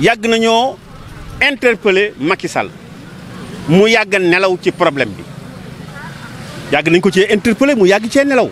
yàgg nañoo interpeller Macky Sall mu yàgg nelaw ci problème bi yàgg nañ ko cee interpeller mu yàgg cee nelaw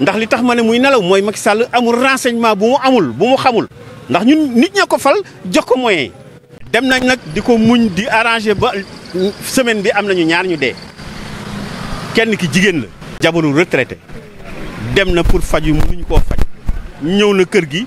ndax li tax ma ne muy nelaw mooy Macky Sall amul renseignement bu mu amul bu mu xamul ndax ñun nit ña ko fal jox ko moyen dem nañ nag di ko muñ di arranger ba semaine bi am nañu ñaar ñu dee kenn ki jigéen la jabaru retraité dem na pour faju mënuñu koo faj ñëw na kër gi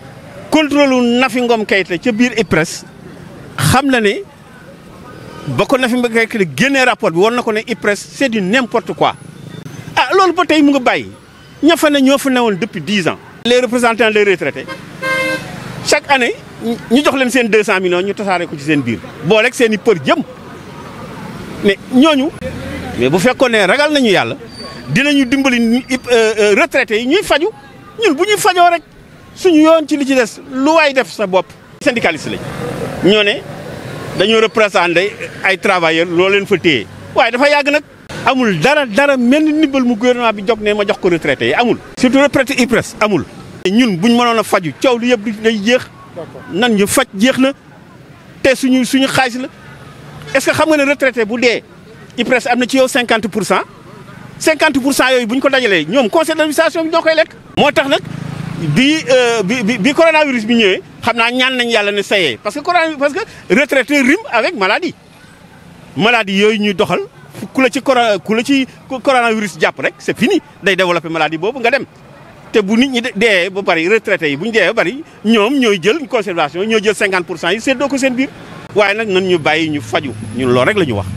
contrôle Nafi Ngom xam rapport bi c'est du n'importe quoi. ah loolu ba mu nga depuis dix ans. les représentants des retraités chaque année nous jox leen 200 millions ñu tassaré ko ci rek mais mais bu nous ragal nañu yalla dinañu dimbali euh, euh, retraités ñuy faju suñu yoon ci li ci des lu waay def sa bopp. syndicaliste lañ ñoo ne dañoo représenté ay travailleurs loo leen fa téye waaye dafa yàgg nag. amul dara dara mel ni ndimbal mu gouvernement bi jog ne ma jox ko retraité yi amul. surtout retraité IPRES amul. ñun buñ mënoon a faju coow li yëpp du jeex. nan ñu faj jeex na te suñu suñu xaalis la est-ce que xam nga ne retraité bu dee IPRES am na ci yow 50 pour cent 50 pour cent yooyu bu ñu ko dajalee ñoom conseil d'administration bi ñoo koy lekk. moo tax nag. Euh, bi bi bi coronavirus bi ñëwé xamna ñaan nañ yalla ne sayé parce que coronavirus parce que retraité rime avec maladie maladie yoy ñuy doxal kula ci corona ci coronavirus japp rek c'est fini day développer maladie bobu nga dem. té bu nit ñi dé ba bari retraité yi bu ñu dee ba bari ñom ñoy jël conservation ñoy jël 50 pour cent yi seddoo ko seen bir waye nak nan ñu bàyyi ñu faju ñun loolu rek la ñu wax.